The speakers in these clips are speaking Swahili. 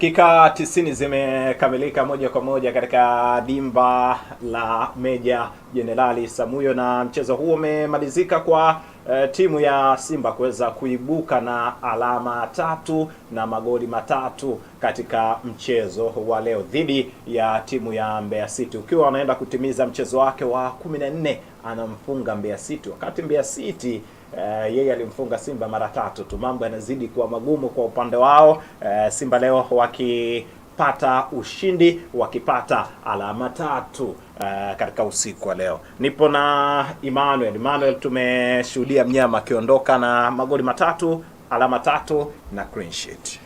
Dakika 90 zimekamilika moja kwa moja katika dimba la Meja Jenerali Samuyo, na mchezo huo umemalizika kwa eh, timu ya Simba kuweza kuibuka na alama tatu na magoli matatu katika mchezo wa leo dhidi ya timu ya Mbeya City, ukiwa anaenda kutimiza mchezo wake wa 14 anamfunga Mbeya City, wakati Mbeya City Uh, yeye alimfunga Simba mara tatu tu, mambo yanazidi kuwa magumu kwa upande wao. Uh, Simba leo wakipata ushindi, wakipata alama tatu uh, katika usiku wa leo. Nipo na Emmanuel. Emmanuel, tumeshuhudia mnyama akiondoka na magoli matatu, alama tatu na clean sheet.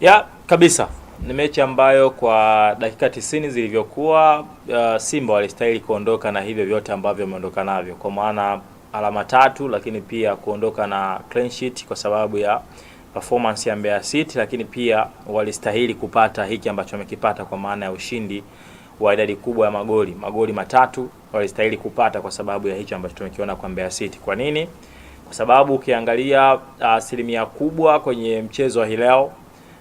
Ya kabisa ni mechi ambayo kwa dakika tisini zilivyokuwa, uh, Simba walistahili kuondoka na hivyo vyote ambavyo wameondoka navyo kwa maana alama tatu, lakini pia kuondoka na clean sheet kwa sababu ya performance ya Mbeya City, lakini pia walistahili kupata hiki ambacho wamekipata kwa maana ya ushindi wa idadi kubwa ya magoli. Magoli matatu walistahili kupata kwa sababu ya hicho ambacho tumekiona kwa Mbeya City. Kwa nini? Kwa sababu ukiangalia uh, asilimia uh, kubwa kwenye mchezo wa leo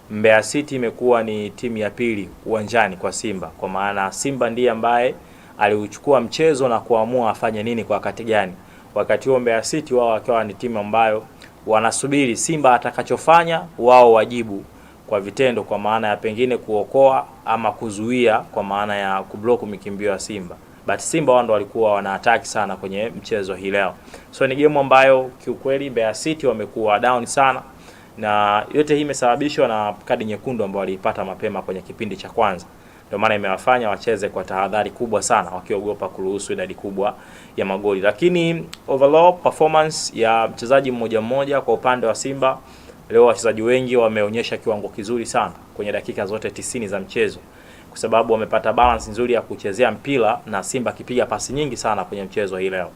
Mbeya City imekuwa ni timu ya pili uwanjani kwa Simba, kwa maana Simba ndiye ambaye aliuchukua mchezo na kuamua afanye nini kwa wakati gani wakati huo Mbeya City wao wakiwa ni timu ambayo wanasubiri Simba atakachofanya wao wajibu kwa vitendo, kwa maana ya pengine kuokoa ama kuzuia, kwa maana ya kublock mikimbio ya Simba. But Simba wao ndo walikuwa wanaataki sana kwenye mchezo hii leo, so ni game ambayo kiukweli Mbeya City wamekuwa down sana, na yote hii imesababishwa na kadi nyekundu ambayo waliipata mapema kwenye kipindi cha kwanza. Ndio maana imewafanya wacheze kwa tahadhari kubwa sana, wakiogopa kuruhusu idadi kubwa ya magoli. Lakini overall performance ya mchezaji mmoja mmoja kwa upande wa Simba leo, wachezaji wengi wameonyesha kiwango kizuri sana kwenye dakika zote tisini za mchezo kwa sababu wamepata balance nzuri ya kuchezea mpira na Simba akipiga pasi nyingi sana kwenye mchezo hii leo.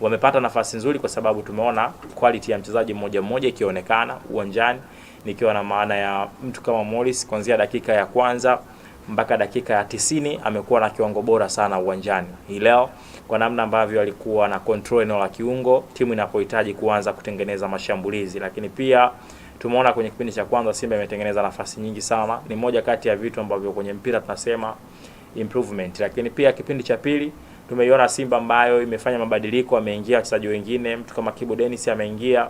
Wamepata nafasi nzuri kwa sababu tumeona quality ya mchezaji mmoja mmoja ikionekana uwanjani, nikiwa na maana ya mtu kama Morris kuanzia dakika ya kwanza mpaka dakika ya tisini amekuwa na kiwango bora sana uwanjani hii leo, kwa namna ambavyo alikuwa na control eneo la kiungo timu inapohitaji kuanza kutengeneza mashambulizi. Lakini pia tumeona kwenye kipindi cha kwanza Simba imetengeneza nafasi nyingi sana, ni moja kati ya vitu ambavyo kwenye mpira tunasema improvement. Lakini pia kipindi cha pili tumeiona Simba ambayo imefanya mabadiliko, ameingia wachezaji wengine, mtu kama Kibu Dennis ameingia,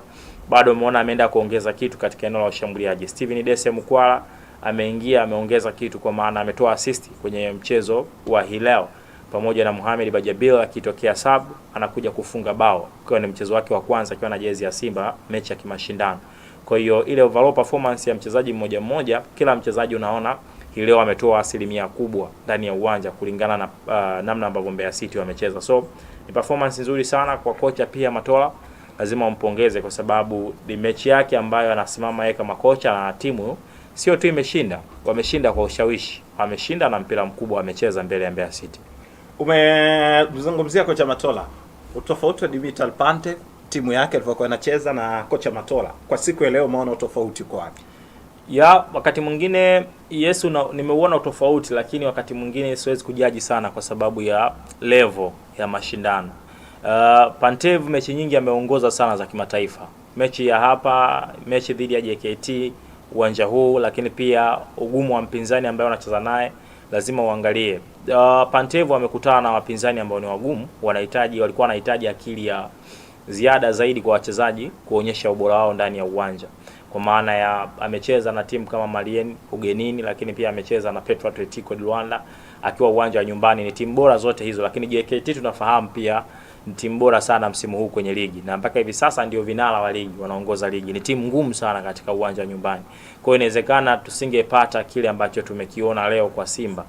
bado umeona ameenda kuongeza kitu katika eneo la ushambuliaji. Steven Dese Mkwala ameingia ameongeza kitu, kwa maana ametoa assist kwenye mchezo wa hii leo, pamoja na Mohamed Bajabil akitokea sub anakuja kufunga bao, ukiwa ni mchezo wake wa kwanza akiwa na jezi ya Simba, mechi ya kimashindano. Kwa hiyo ile overall performance ya mchezaji mmoja mmoja, kila mchezaji unaona hii leo ametoa asilimia kubwa ndani ya uwanja kulingana na uh, namna ambavyo Mbeya City wamecheza. So ni performance nzuri sana kwa kocha pia Matola, lazima umpongeze kwa sababu ni mechi yake ambayo anasimama yeye kama kocha na timu sio tu imeshinda, wameshinda kwa ushawishi, wameshinda na mpira mkubwa wamecheza mbele ya Mbeya City. Umezungumzia kocha Matola, utofauti wa Dimitar Pante timu yake ilivyokuwa inacheza na kocha Matola kwa siku ya leo, umeona utofauti kwa wapi? Ya wakati mwingine Yesu nimeuona utofauti, lakini wakati mwingine siwezi kujaji sana kwa sababu ya level ya mashindano. Uh, Pantev mechi nyingi ameongoza sana za kimataifa, mechi ya hapa, mechi dhidi ya JKT uwanja huu, lakini pia ugumu wa mpinzani ambaye wanacheza naye lazima uangalie. Uh, ah, Pantevo amekutana na wapinzani ambao ni wagumu, wanahitaji walikuwa wanahitaji akili ya ziada zaidi kwa wachezaji kuonyesha ubora wao ndani ya uwanja, kwa maana ya amecheza na timu kama Malien ugenini, lakini pia amecheza na Petro Atletico de Luanda akiwa uwanja wa nyumbani. Ni timu bora zote hizo, lakini JKT tunafahamu pia ni timu bora sana msimu huu kwenye ligi na mpaka hivi sasa ndio vinara wa ligi, wanaongoza ligi. Ni timu ngumu sana katika uwanja wa nyumbani, kwa hiyo inawezekana tusingepata kile ambacho tumekiona leo kwa Simba.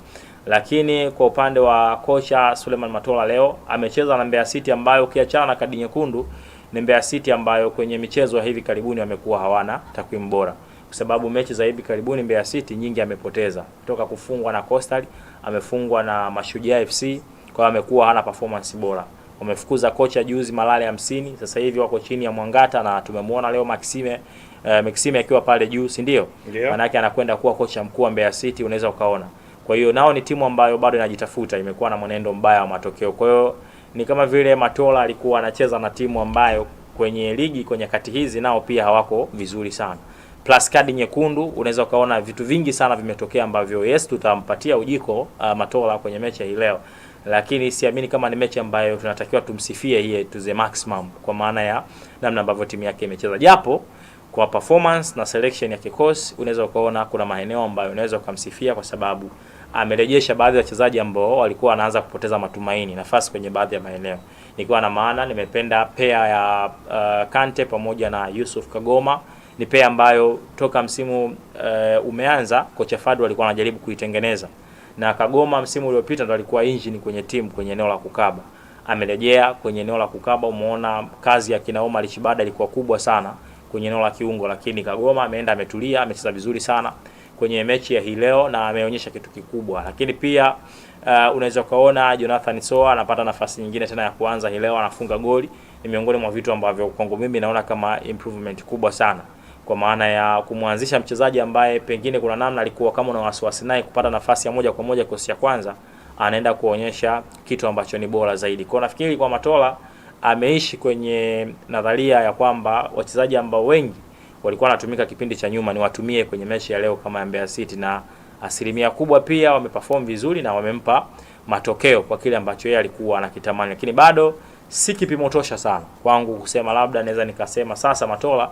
Lakini kwa upande wa kocha Suleiman Matola, leo amecheza na Mbeya City ambayo ukiachana na kadi nyekundu ni Mbeya City ambayo kwenye michezo ya hivi karibuni wamekuwa hawana takwimu bora kwa sababu mechi za hivi karibuni Mbeya City nyingi amepoteza, kutoka kufungwa na Coastal, amefungwa na Mashujaa FC, kwa amekuwa hana performance bora wamefukuza kocha juzi Malale hamsini, sasa hivi wako chini ya Mwangata na tumemwona leo Maxime eh, Maxime akiwa pale juu, si ndio? Maanake anakwenda kuwa kocha mkuu wa Mbeya City, unaweza ukaona. Kwa hiyo nao ni timu ambayo bado inajitafuta, imekuwa na mwenendo mbaya wa matokeo. Kwa hiyo ni kama vile Matola alikuwa anacheza na timu ambayo kwenye ligi kwenye kati hizi nao pia hawako vizuri sana. Plus kadi nyekundu, unaweza ukaona vitu vingi sana vimetokea ambavyo yes, tutampatia ujiko uh, Matola kwenye mechi hii leo lakini siamini kama ni mechi ambayo tunatakiwa tumsifie hii to the maximum, kwa maana ya namna ambavyo timu yake imecheza, japo kwa performance na selection ya kikosi unaweza ukaona kuna maeneo ambayo unaweza ukamsifia kwa sababu amerejesha baadhi ya wachezaji ambao walikuwa wanaanza kupoteza matumaini nafasi kwenye baadhi ya maeneo. Nikiwa na maana, nimependa pea ya uh, Kante pamoja na Yusuf Kagoma. Ni pea ambayo toka msimu uh, umeanza kocha Fadu alikuwa anajaribu kuitengeneza na kagoma msimu uliopita ndo alikuwa engine kwenye timu kwenye eneo la kukaba. Amerejea kwenye eneo la kukaba, umeona kazi ya kina Omar ilikuwa kubwa sana kwenye eneo la kiungo, lakini Kagoma ameenda ametulia, amecheza vizuri sana kwenye mechi ya hii leo na ameonyesha kitu kikubwa. Lakini pia uh, unaweza ukaona Jonathan Soa anapata nafasi nyingine tena ya kuanza hii leo, anafunga goli. Ni miongoni mwa vitu ambavyo kwangu mimi naona kama improvement kubwa sana kwa maana ya kumwanzisha mchezaji ambaye pengine kuna namna alikuwa kama una wasiwasi naye kupata nafasi ya moja kwa moja kosi ya kwanza, anaenda kuonyesha kitu ambacho ni bora zaidi. Kwa nafikiri kwa Matola ameishi kwenye nadharia ya kwamba wachezaji ambao wengi walikuwa wanatumika kipindi cha nyuma ni watumie kwenye mechi ya leo kama ya Mbeya City, na asilimia kubwa pia wameperform vizuri na wamempa matokeo kwa kile ambacho yeye alikuwa anakitamani, lakini bado si kipimo tosha sana kwangu kusema labda naweza nikasema sasa Matola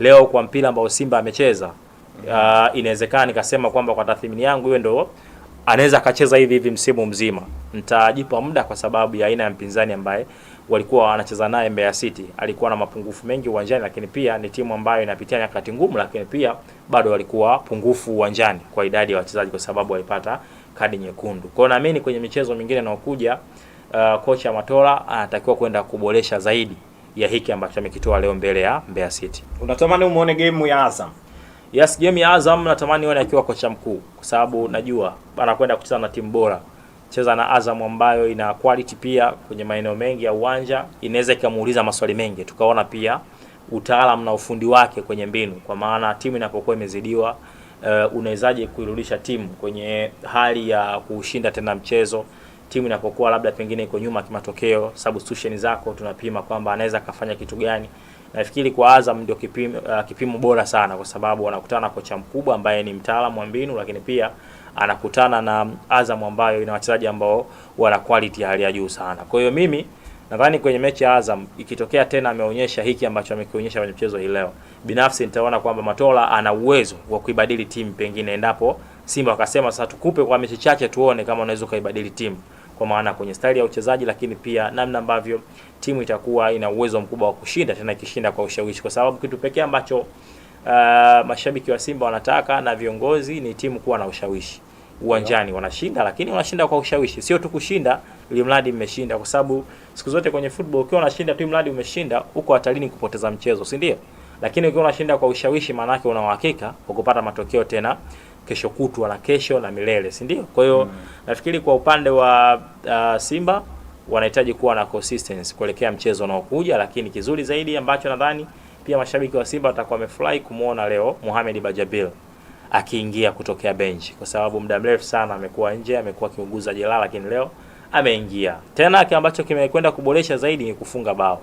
leo kwa mpira ambao Simba amecheza uh, inawezekana nikasema kwamba kwa tathmini yangu hiyo ndio anaweza akacheza hivi hivi msimu mzima. Nitajipa muda kwa sababu ya aina ya mpinzani ambaye walikuwa wanacheza naye. Mbeya City alikuwa na mapungufu mengi uwanjani, lakini pia ni timu ambayo inapitia nyakati ngumu, lakini pia bado walikuwa pungufu uwanjani kwa idadi ya wachezaji, kwa sababu walipata kadi nyekundu. Kwa hiyo naamini kwenye michezo mingine inayokuja, uh, kocha Matola anatakiwa kwenda kuboresha zaidi ya hiki ambacho amekitoa leo mbele ya Mbeya City. Unatamani umuone game ya Azam? Yes, game ya Azam natamani uone akiwa kocha mkuu, kwa sababu najua anakwenda kucheza na timu bora, cheza na Azam ambayo ina quality pia kwenye maeneo mengi ya uwanja, inaweza ikamuuliza maswali mengi, tukaona pia utaalamu na ufundi wake kwenye mbinu, kwa maana timu inapokuwa imezidiwa, uh, unawezaje kuirudisha timu kwenye hali ya kushinda tena mchezo timu inapokuwa labda pengine iko nyuma kimatokeo, substitution zako tunapima kwamba anaweza akafanya kitu gani. Nafikiri kwa Azam ndio kipimo, uh, kipimo bora sana, kwa sababu wanakutana na kocha mkubwa ambaye ni mtaalamu wa mbinu, lakini pia anakutana na Azam ambayo ina wachezaji ambao wana quality hali ya juu sana. Kwa hiyo mimi nadhani kwenye mechi ya Azam ikitokea tena ameonyesha hiki ambacho amekionyesha kwenye mchezo hii leo, binafsi nitaona kwamba Matola ana uwezo wa kuibadili timu, pengine endapo Simba wakasema sasa tukupe kwa mechi chache tuone kama unaweza kuibadili timu kwa maana kwenye staili ya uchezaji, lakini pia namna ambavyo timu itakuwa ina uwezo mkubwa wa kushinda, tena ikishinda kwa ushawishi, kwa sababu kitu pekee ambacho uh, mashabiki wa Simba wanataka na viongozi ni timu kuwa na ushawishi uwanjani wanashinda, lakini wanashinda kwa ushawishi, sio tu kushinda ili mradi mmeshinda, kwa sababu siku zote kwenye football ukiwa unashinda tu mradi umeshinda, uko hatarini kupoteza mchezo, si ndio? Lakini ukiwa unashinda kwa ushawishi, maana yake una uhakika wa kupata matokeo tena kesho kutwa na kesho na milele, si ndio? Kwa hiyo mm. nafikiri kwa upande wa uh, Simba wanahitaji kuwa na consistency kuelekea mchezo unaokuja, lakini kizuri zaidi ambacho nadhani pia mashabiki wa Simba watakuwa wamefurahi kumwona leo Mohamed Bajabil akiingia kutokea benchi, kwa sababu muda mrefu sana amekuwa nje, amekuwa akiuguza jeraha, lakini leo ameingia tena. Kile ambacho kimekwenda kuboresha zaidi ni kufunga bao,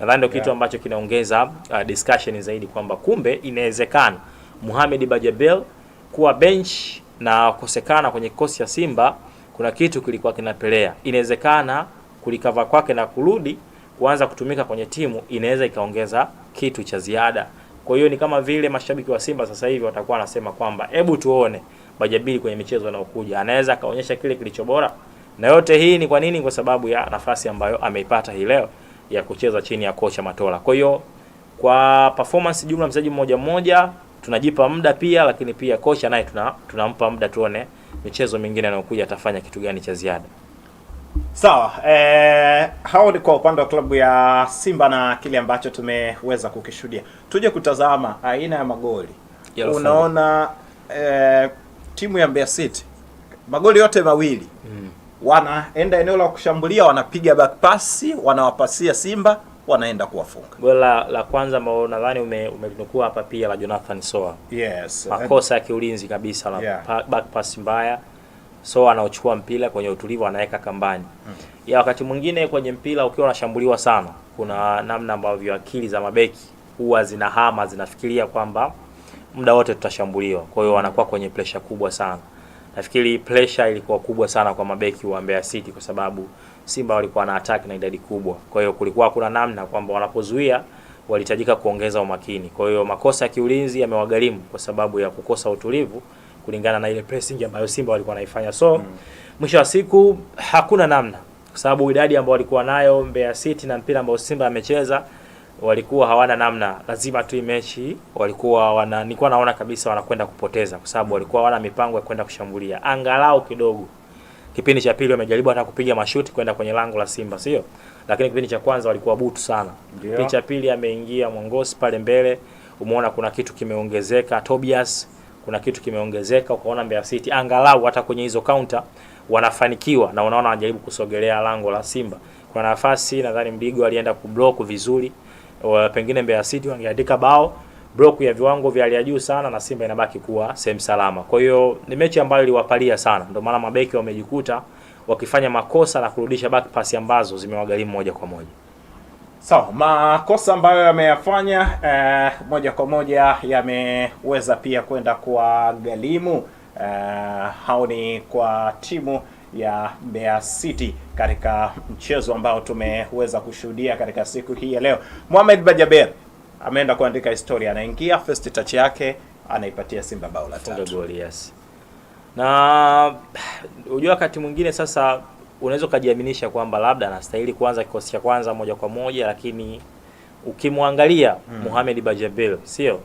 nadhani ndio kitu ambacho kinaongeza uh, discussion zaidi kwamba kumbe inawezekana Mohamed Bajabel kuwa bench na kukosekana kwenye kikosi cha Simba, kuna kitu kilikuwa kinapelea. Inawezekana kulikava kwake na kurudi kuanza kutumika kwenye timu inaweza ikaongeza kitu cha ziada. Kwa hiyo ni kama vile mashabiki wa Simba sasa hivi watakuwa wanasema kwamba hebu tuone Bajabili kwenye michezo anaokuja anaweza akaonyesha kile kilicho bora, na yote hii ni kwa nini? Kwa sababu ya nafasi ambayo ameipata hii leo ya kucheza chini ya kocha Matola. Kwa hiyo kwa performance jumla mchezaji mmoja mmoja tunajipa muda pia, lakini pia kocha naye tuna, tunampa muda tuone michezo mingine anayokuja atafanya kitu gani cha ziada. Sawa, eh, hao ni kwa upande wa klabu ya Simba na kile ambacho tumeweza kukishuhudia. Tuje kutazama aina ya magoli Yalo, unaona eh, timu ya Mbeya City magoli yote mawili mm, wanaenda eneo la kushambulia, wanapiga back pass, wanawapasia Simba wanaenda kuwafunga. Goli la, la kwanza ambao nadhani umelinukua hapa pia la Jonathan Soa. Yes. Makosa ya kiulinzi kabisa la yeah. pa, back pass mbaya. Soa anaochukua mpira kwenye utulivu anaweka kambani. Mm. Ya wakati mwingine kwenye mpira ukiwa unashambuliwa sana, kuna namna ambavyo akili za mabeki huwa zinahama zinafikiria kwamba muda wote tutashambuliwa. Kwa hiyo wanakuwa kwenye pressure kubwa sana. Nafikiri pressure ilikuwa kubwa sana kwa mabeki wa Mbeya City kwa sababu Simba walikuwa na attack na idadi kubwa, kwa hiyo kulikuwa hakuna namna kwamba wanapozuia walihitajika kuongeza umakini. Kwa hiyo makosa ya kiulinzi yamewagharimu kwa sababu ya kukosa utulivu kulingana na ile pressing ambayo Simba walikuwa naifanya. So mm. mwisho wa siku hakuna namna, kwa sababu idadi ambayo walikuwa nayo Mbeya City na mpira ambao Simba amecheza walikuwa hawana namna, lazima tu mechi walikuwa wana, nilikuwa naona kabisa wanakwenda kupoteza, kwa sababu walikuwa hawana mipango ya kwenda kushambulia angalau kidogo. Kipindi cha pili wamejaribu hata kupiga mashuti kwenda kwenye lango la Simba, sio? Lakini kipindi cha kwanza walikuwa butu sana. Ndio. Kipindi cha pili ameingia mwangosi pale mbele, umeona kuna kitu kimeongezeka, Tobias kuna kitu kimeongezeka, ukaona Mbeya City angalau hata kwenye hizo counter wanafanikiwa na unaona wanajaribu kusogelea lango la Simba. Kuna nafasi nadhani Mdigo alienda kublock vizuri, pengine Mbeya City wangeandika bao bloku ya viwango vya hali ya juu sana na Simba inabaki kuwa sehemu salama. Kwa hiyo ni mechi ambayo iliwapalia sana, ndio maana mabeki wamejikuta wakifanya makosa na kurudisha back pass ambazo zimewagharimu moja kwa moja. Sawa, so, makosa ambayo yameyafanya eh, moja kwa moja yameweza pia kwenda kwa galimu eh, hao ni kwa timu ya Mbeya City katika mchezo ambao tumeweza kushuhudia katika siku hii ya leo. Mohamed Bajaber ameenda kuandika historia, anaingia first touch yake anaipatia Simba bao la tatu, goal, yes. Na unajua wakati mwingine sasa unaweza ukajiaminisha kwamba labda anastahili kuanza kikosi cha kwanza moja kwa moja, lakini ukimwangalia mm. Mohamed Bajabel sio,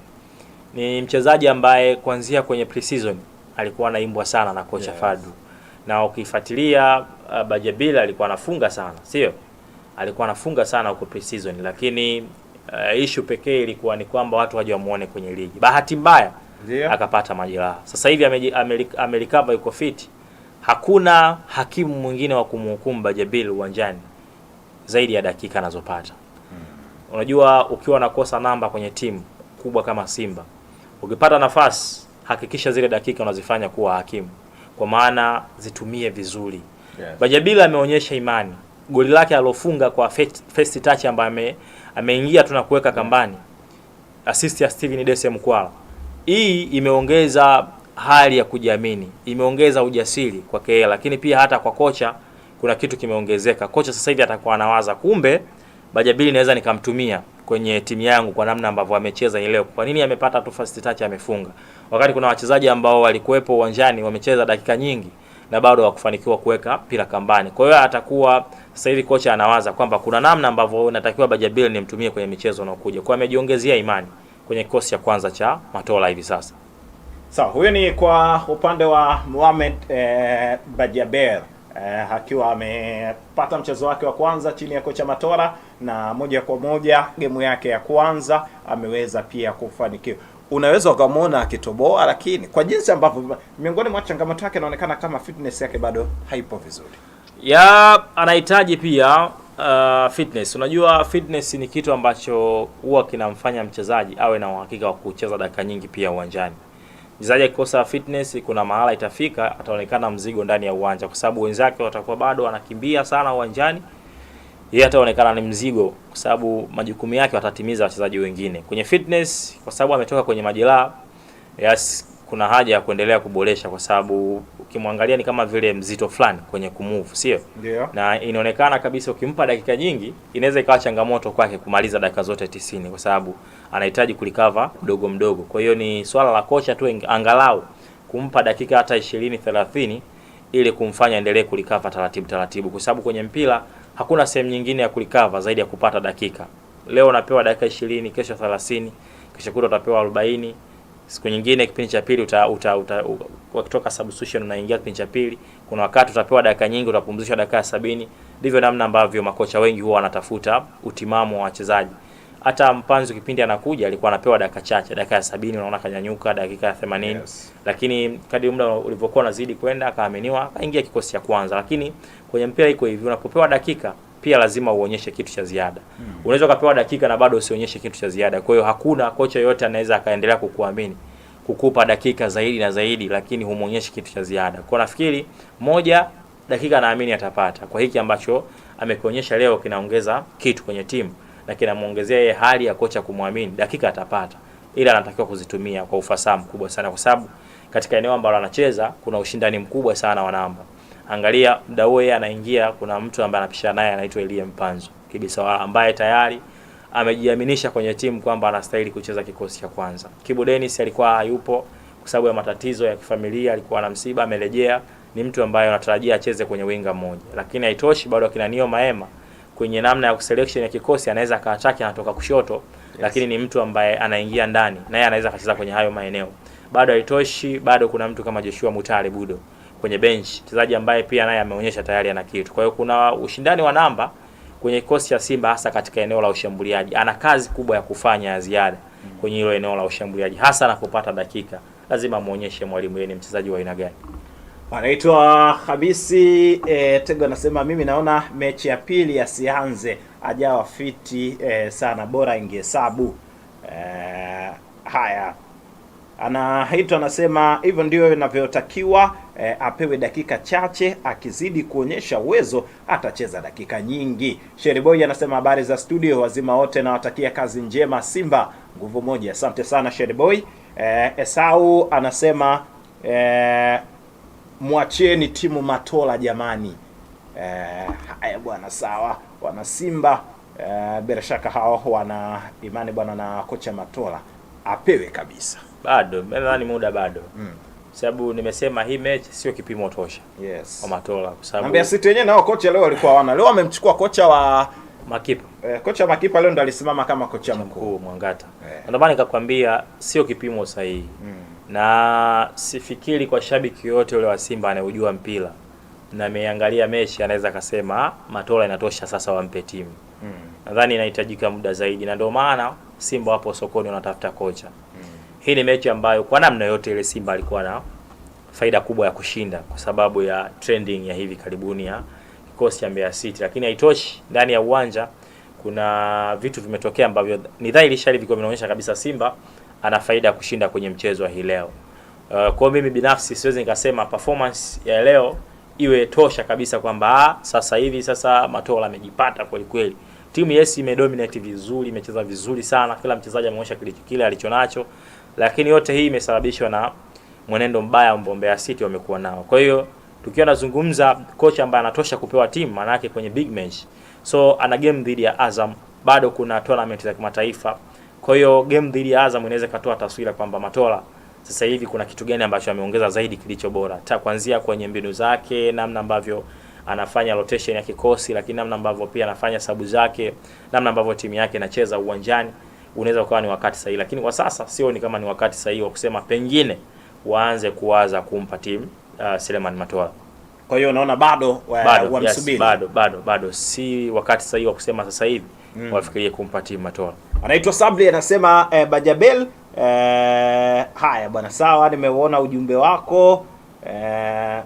ni mchezaji ambaye kuanzia kwenye preseason alikuwa anaimbwa sana na kocha yes. Fadu na ukifuatilia uh, Bajaber alikuwa anafunga sana sio, alikuwa anafunga sana huko preseason, lakini uh, issue pekee ilikuwa ni kwamba watu waje wamuone kwenye ligi. Bahati mbaya yeah, akapata majeraha. Sasa hivi amelikava, yuko fiti. Hakuna hakimu mwingine wa kumhukumu Bajabil uwanjani zaidi ya dakika anazopata. Hmm. Unajua, ukiwa unakosa namba kwenye timu kubwa kama Simba, ukipata nafasi hakikisha zile dakika unazifanya kuwa hakimu, kwa maana zitumie vizuri. Yes. Bajabil ameonyesha imani goli lake alofunga kwa first touch ambayo ame, ameingia tu na kuweka kambani, assist ya Steven Dese Mkwala. Hii imeongeza hali ya kujiamini, imeongeza ujasiri kwa KL, lakini pia hata kwa kocha kuna kitu kimeongezeka. Kocha sasa hivi atakuwa anawaza, kumbe Bajabili naweza nikamtumia kwenye timu yangu kwa namna ambavyo amecheza leo. Kwa nini amepata tu first touch amefunga, wakati kuna wachezaji ambao walikuwepo uwanjani wamecheza dakika nyingi na bado hakufanikiwa kuweka mpira kambani. Kwa hiyo atakuwa sasa hivi kocha anawaza kwamba kuna namna ambavyo natakiwa Bajaber nimtumie kwenye michezo inayokuja. Kwa amejiongezea imani kwenye kikosi cha kwanza cha Matola hivi sasa. Sawa, so, huyu ni kwa upande wa Mohamed eh, Bajaber eh, akiwa amepata mchezo wake wa kwanza chini ya kocha Matola na moja kwa moja gemu yake ya kwanza ameweza pia kufanikiwa unaweza ukamwona akitoboa, lakini kwa jinsi ambavyo miongoni mwa changamoto yake inaonekana kama fitness yake bado haipo vizuri ya anahitaji pia uh, fitness. Unajua, fitness ni kitu ambacho huwa kinamfanya mchezaji awe na uhakika wa kucheza dakika nyingi pia uwanjani. Mchezaji akikosa fitness, kuna mahala itafika ataonekana mzigo ndani ya uwanja, kwa sababu wenzake watakuwa bado wanakimbia sana uwanjani yeye ataonekana ni mzigo, kwa sababu majukumu yake watatimiza wachezaji wengine. Kwenye fitness, kwa sababu ametoka kwenye majeraha, yes, kuna haja ya kuendelea kuboresha, kwa sababu ukimwangalia ni kama vile mzito fulani kwenye kumove, sio yeah. Na inaonekana kabisa ukimpa dakika nyingi inaweza ikawa changamoto kwake kumaliza dakika zote tisini, kwa sababu anahitaji kulikava mdogo mdogo. Kwa hiyo ni swala la kocha tu angalau kumpa dakika hata 20 30 ili kumfanya endelee kulikava taratibu taratibu, kwa sababu kwenye mpira hakuna sehemu nyingine ya kulikava zaidi ya kupata dakika. Leo unapewa dakika ishirini, kesho 30, kesho kuta utapewa 40. siku nyingine kipindi cha pili uta, uta, uta, uta, wakitoka substitution unaingia kipindi cha pili. Kuna wakati utapewa dakika nyingi, utapumzishwa dakika sabini. Ndivyo namna ambavyo makocha wengi huwa wanatafuta utimamu wa wachezaji hata mpanzo kipindi anakuja alikuwa anapewa dakika chache, dakika ya sabini unaona kanyanyuka, dakika ya themanini yes. Lakini kadri muda ulivyokuwa unazidi kwenda akaaminiwa akaingia kikosi cha kwanza. Lakini kwenye mpira iko hivi, unapopewa dakika pia lazima uonyeshe kitu cha ziada mm. Unaweza ukapewa dakika na bado usionyeshe kitu cha ziada. Kwa hiyo hakuna kocha yoyote anaweza akaendelea kukuamini kukupa dakika zaidi na zaidi, lakini humuonyeshi kitu cha ziada. Kwa nafikiri moja dakika naamini atapata kwa hiki ambacho amekionyesha leo, kinaongeza kitu kwenye timu na kinamwongezea yeye hali ya kocha kumwamini, dakika atapata, ila anatakiwa kuzitumia kwa ufasaha mkubwa sana, kwa sababu katika eneo ambalo anacheza kuna ushindani mkubwa sana wa namba. Angalia muda huo yeye anaingia, kuna mtu ambaye anapishana naye anaitwa Elie Mpanzo kibisa wala, ambaye tayari amejiaminisha kwenye timu kwamba anastahili kucheza kikosi cha kwanza. Kibu Dennis alikuwa hayupo kwa sababu ya matatizo ya kifamilia, alikuwa na msiba, amerejea. Ni mtu ambaye anatarajia acheze kwenye winga mmoja, lakini haitoshi, bado akina Nio Maema kwenye namna ya selection ya kikosi anaweza akaachaki anatoka kushoto yes. Lakini ni mtu ambaye anaingia ndani naye anaweza akacheza kwenye hayo maeneo. Bado haitoshi, bado kuna mtu kama Joshua Mutale Budo kwenye bench, mchezaji ambaye pia naye ameonyesha tayari ana kitu. Kwa hiyo kuna ushindani wa namba kwenye kikosi cha Simba, hasa katika eneo la ushambuliaji. Ana kazi kubwa ya kufanya ya ziada kwenye hilo eneo la ushambuliaji, hasa anapopata dakika. Lazima muonyeshe mwalimu yeye ni mchezaji wa aina gani. Wanaitwa Hamisi e, Tego anasema mimi naona mechi ya pili asianze ajawa fiti e, sana, bora ingehesabu e, haya Anaitwa anasema hivyo ndio inavyotakiwa e, apewe dakika chache. Akizidi kuonyesha uwezo atacheza dakika nyingi. Sheriboi anasema habari za studio, wazima wote, nawatakia kazi njema Simba, nguvu moja. Asante sana Sheriboi. E, Esau anasema e, mwacheni timu Matola jamani. Eh, haya bwana, sawa wana Simba eh, bila shaka hao wana imani bwana na kocha Matola apewe kabisa. Bado nadhani muda bado mm. Sababu nimesema hii mechi sio kipimo tosha yes. kwa Matola kwa sababu Mbeya City wenyewe nao kocha leo walikuwa wana leo wamemchukua kocha wa makipa eh, kocha makipa leo ndo alisimama kama kocha Mkuu Mwangata eh. Ndio maana nikakwambia sio kipimo sahihi mm na sifikiri kwa shabiki yoyote ule wa Simba anayejua mpira na ameangalia mechi anaweza akasema ah, Matola inatosha sasa wampe timu mm. Nadhani inahitajika muda zaidi, na ndio maana Simba wapo sokoni wanatafuta kocha mm. Hii ni mechi ambayo kwa namna yote ile Simba alikuwa na faida kubwa ya kushinda kwa sababu ya trending ya hivi karibuni ya kikosi cha Mbeya City, lakini haitoshi. Ndani ya uwanja kuna vitu vimetokea ambavyo ni dhahiri shahiri vilikuwa vinaonyesha kabisa Simba ana faida ya kushinda kwenye mchezo wa hii leo. Uh, kwa mimi binafsi siwezi nikasema performance ya leo iwe tosha kabisa kwamba ah, sasa hivi sasa Matola amejipata kweli kweli. Timu yes imedominate vizuri, imecheza vizuri sana, kila mchezaji ameonyesha kile kile alichonacho, lakini yote hii imesababishwa na mwenendo mbaya ambao Mbeya City wamekuwa nao. Kwa hiyo tukiwa nazungumza kocha ambaye anatosha kupewa timu, maana yake kwenye big match, so ana game dhidi ya Azam, bado kuna tournament za kimataifa. Kwa hiyo game dhidi ya Azam inaweza ikatoa taswira kwamba Matola sasa hivi kuna kitu gani ambacho ameongeza zaidi kilicho bora, ta kuanzia kwenye mbinu zake, namna ambavyo anafanya rotation ya kikosi, lakini namna ambavyo pia anafanya sabu zake, namna ambavyo timu yake inacheza uwanjani, unaweza ukawa ni wakati sahihi, lakini kwa sasa sioni kama ni wakati sahihi wa kusema pengine waanze kuwaza kumpa timu uh, Selemani Matola. Kwa hiyo unaona bado wamsubiri, bado, wa yes, bado bado bado si wakati sahihi wa kusema sasa hivi mm. wafikirie kumpa timu Matola. Anaitwa Sabri anasema eh, Bajabel eh, haya bwana, sawa, nimeuona ujumbe wako eh,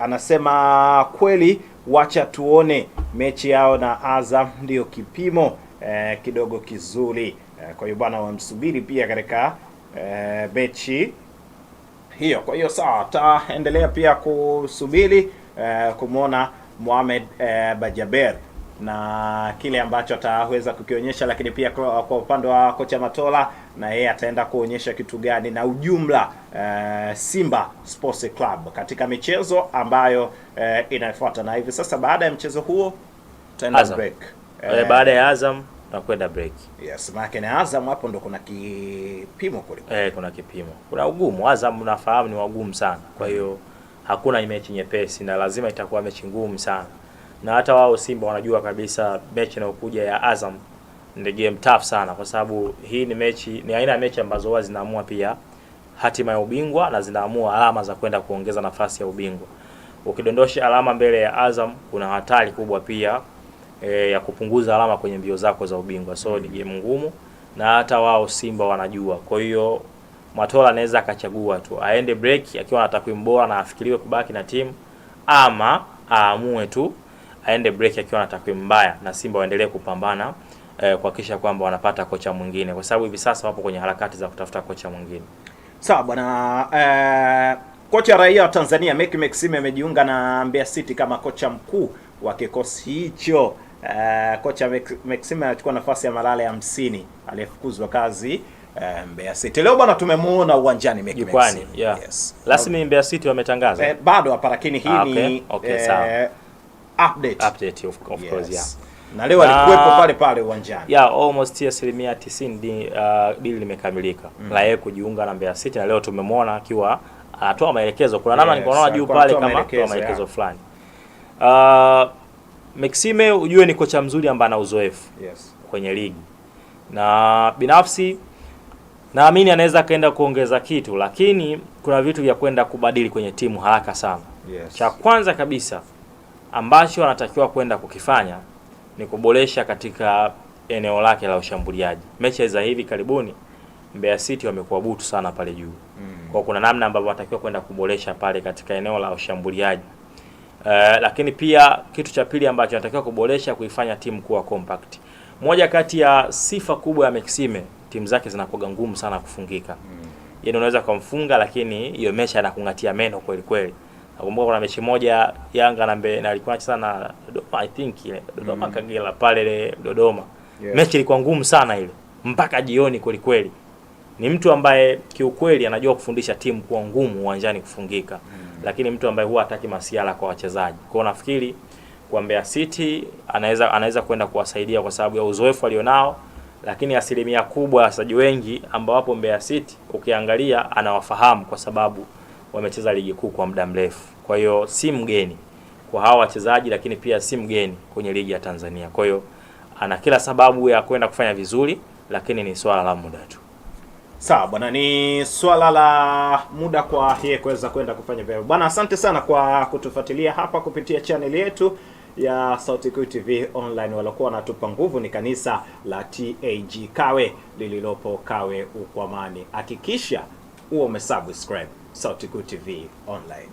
anasema kweli, wacha tuone mechi yao na Azam ndiyo kipimo eh, kidogo kizuri eh, kwa hiyo bwana, wamsubiri pia katika eh, mechi hiyo. Kwa hiyo sawa, taendelea pia kusubiri eh, kumwona Mohamed eh, Bajaber na kile ambacho ataweza kukionyesha, lakini pia kwa upande wa kocha Matola na yeye ataenda kuonyesha kitu gani na ujumla uh, Simba Sports Club katika michezo ambayo uh, inayofuata. Na hivi sasa baada ya mchezo huo tutaenda break uh, baada ya Azam na kwenda break. Yes, maana ni Azam hapo ndo kuna kipimo kule. Eh, kuna kipimo. Kuna ugumu. Azam unafahamu ni wagumu sana. Kwa hiyo hakuna mechi nyepesi na lazima itakuwa mechi ngumu sana na hata wao Simba wanajua kabisa mechi inayokuja ya Azam ni game tough sana, kwa sababu hii ni mechi, ni aina ya mechi ambazo huwa zinaamua pia hatima ya ubingwa na zinaamua alama za kwenda kuongeza nafasi ya ubingwa. Ukidondosha alama mbele ya Azam, kuna hatari kubwa pia e, ya kupunguza alama kwenye mbio zako za ubingwa. So ni game ngumu na hata wao Simba wanajua. Kwa hiyo Matola anaweza akachagua tu aende break akiwa na takwimu bora na afikiriwe kubaki na timu ama aamue tu aende break akiwa na takwimu mbaya na Simba waendelee kupambana eh, kuhakikisha kwamba wanapata kocha mwingine, kwa sababu hivi sasa wapo kwenye harakati za kutafuta kocha mwingine. Sawa bwana eh, kocha raia wa Tanzania Mecky Maxime amejiunga na Mbeya City kama kocha mkuu wa kikosi hicho. Uh, kocha Maxime anachukua nafasi ya Malale 50 aliyefukuzwa kazi uh, Mbeya City. Leo bwana tumemuona uwanjani Mecky Maxime. Yeah. Yes. Rasmi Mbeya City wametangaza. Eh, bado hapa lakini hii ah, okay. Okay, eh, update. Update of, of yes. course, yeah. Na leo alikuwepo uh, pale pale uwanjani. Yeah, almost asilimia 90 uh, limekamilika mm. la yeye kujiunga na Mbeya City na leo tumemwona akiwa anatoa uh, maelekezo. Kuna namna yes, nikaona juu pale kama anatoa maelekezo fulani. Uh, Maxime ujue ni kocha mzuri ambaye ana uzoefu yes. kwenye ligi na binafsi naamini anaweza akaenda kuongeza kitu, lakini kuna vitu vya kwenda kubadili kwenye timu haraka sana yes. Cha kwanza kabisa ambacho anatakiwa kwenda kukifanya ni kuboresha katika eneo lake la ushambuliaji. Mechi za hivi karibuni Mbeya City wamekuwa butu sana pale juu mm. Kwa kuna namna ambavyo anatakiwa kwenda kuboresha pale katika eneo la ushambuliaji uh, lakini pia kitu cha pili ambacho anatakiwa kuboresha kuifanya timu kuwa compact. Moja kati ya sifa kubwa ya Maxime, timu zake zinakuwa ngumu sana kufungika mm. Yaani unaweza kumfunga, lakini hiyo mesha anakungatia meno kweli kweli. Nakumbuka kuna mechi moja Yanga na Mbe na alikuwa anacheza na Dodoma I think ile Dodoma mm. Kagera pale ile Dodoma. Yeah. Mechi ilikuwa ngumu sana ile mpaka jioni kweli kweli. Ni mtu ambaye kiukweli anajua kufundisha timu kuwa ngumu uwanjani kufungika. Mm. Lakini mtu ambaye huwa hataki masiala kwa wachezaji. Kwa nafikiri kwa Mbeya City anaweza anaweza kwenda kuwasaidia kwa sababu ya uzoefu alionao, lakini asilimia kubwa ya wachezaji wengi ambao wapo Mbeya City ukiangalia anawafahamu kwa sababu wamecheza ligi kuu kwa muda mrefu, kwa hiyo si mgeni kwa hawa wachezaji, lakini pia si mgeni kwenye ligi ya Tanzania. Kwa hiyo ana kila sababu ya kwenda kufanya vizuri, lakini ni swala la muda tu. Sawa bwana, ni swala la muda kwa yeye kuweza kwenda kufanya vyema. Bwana, asante sana kwa kutufuatilia hapa kupitia chaneli yetu ya Sauti Kuu TV online. Waliokuwa wanatupa nguvu ni kanisa la TAG Kawe lililopo Kawe Ukwamani. Hakikisha uwe umesubscribe Sautikuu TV online.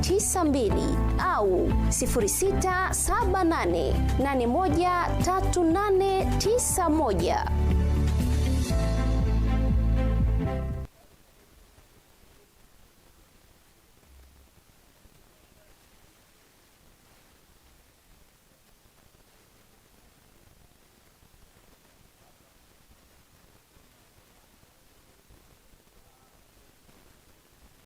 92 au 0678813891.